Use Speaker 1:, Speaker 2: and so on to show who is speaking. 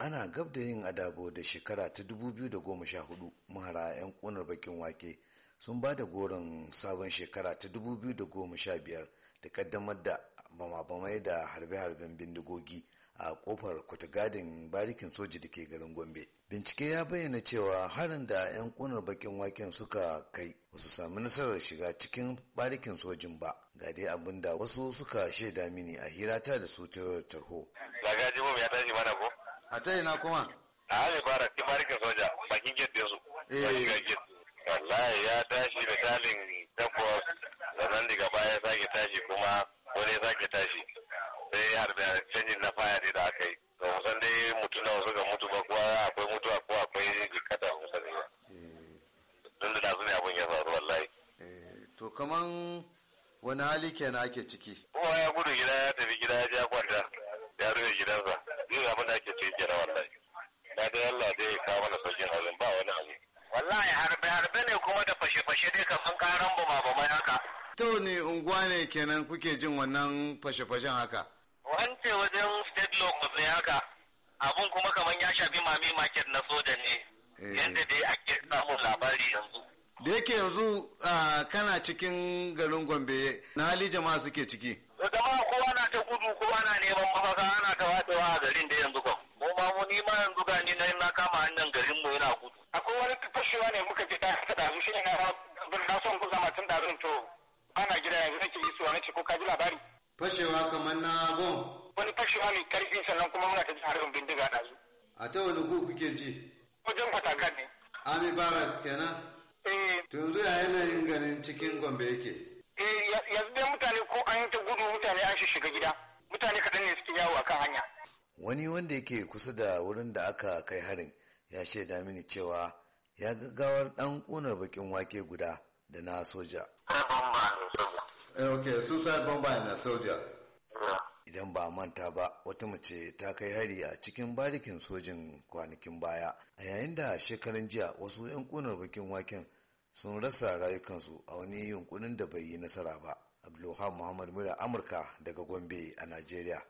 Speaker 1: ana gab da yin adabo da shekara ta 2014 mahara 'yan kunar bakin wake sun ba da goron sabon shekara ta 2015 da kaddamar da bama-bamai da harbe-harben bindigogi a kofar kwatagadin barikin soji da ke garin gombe bincike ya bayyana cewa harin da 'yan kunar bakin waken suka kai ba su sami nasarar shiga cikin barikin sojin ba ga dai abin da wasu suka shaida mini a hirata da su tarho. a ta ina kuma a hali fara ki barikin soja bakin gate su eh wallahi ya tashi da talin takwas nan daga baya sake tashi kuma wani sake tashi sai ya harbe da canjin na faya ne da aka yi to musan dai mutu na wasu ga mutu ba kuwa akwai mutu ko akwai jikata musan ne eh. tun da nasu ne abin ya faru wallahi eh, to kaman wani hali kenan ake ciki kowa ya gudu gida ya tafi gida ya ja kwanta ya rufe gidansa zai abin da ake ciki na wallahi na dai Allah dai ya kawo mana saukin halin ba wani abu wallahi harbe harbe ne kuma da fashe fashe dai kaman karan bama bama haka to ne unguwa ne kenan kuke jin wannan fashe fashen haka wance wajen state locus ne haka abun kuma kaman ya shafi mami market na soja ne eh. yadda dai ake samun labari yanzu da yake yanzu kana cikin garin gombe na hali jama'a suke ciki jama'a kowa na ta gudu kowa na neman mafaka ana ta watsawa a garin da yanzu ba mu ma mu ni ma yanzu ga ni na kama hannun garin mu yana gudu akwai wani fashewa ne muka ji ta da shi ne na son ku zama tun da zan to ana gida yanzu nake yi isuwa nace ko ka ji labari fashewa kamar na bom wani fashewa ne karfi sannan kuma muna ta ji harbin bindiga da su a ta wani ku kuke ji wajen fatakan ne ami baras kenan Eh. Tunzu ya yanayin ganin cikin Gombe yake? Eh, yanzu dai mutane ko an yi ta gudu mutane an shiga gida. Mutane kaɗan ne suke yawo akan hanya. Wani wanda yake kusa da wurin da aka kai harin ya shaida mini cewa ya gaggawar ɗan ƙunar bakin wake guda da na soja. Eh, ok, suicide na soja. Idan ba manta ba, wata mace ta kai hari a cikin barikin sojin kwanakin baya, a yayin da shekarun jiya wasu 'yan ƙunar bakin waken sun rasa rayukansu a wani yunkurin da bai yi nasara ba abdulhamid muhammad mura amurka daga gombe a najeriya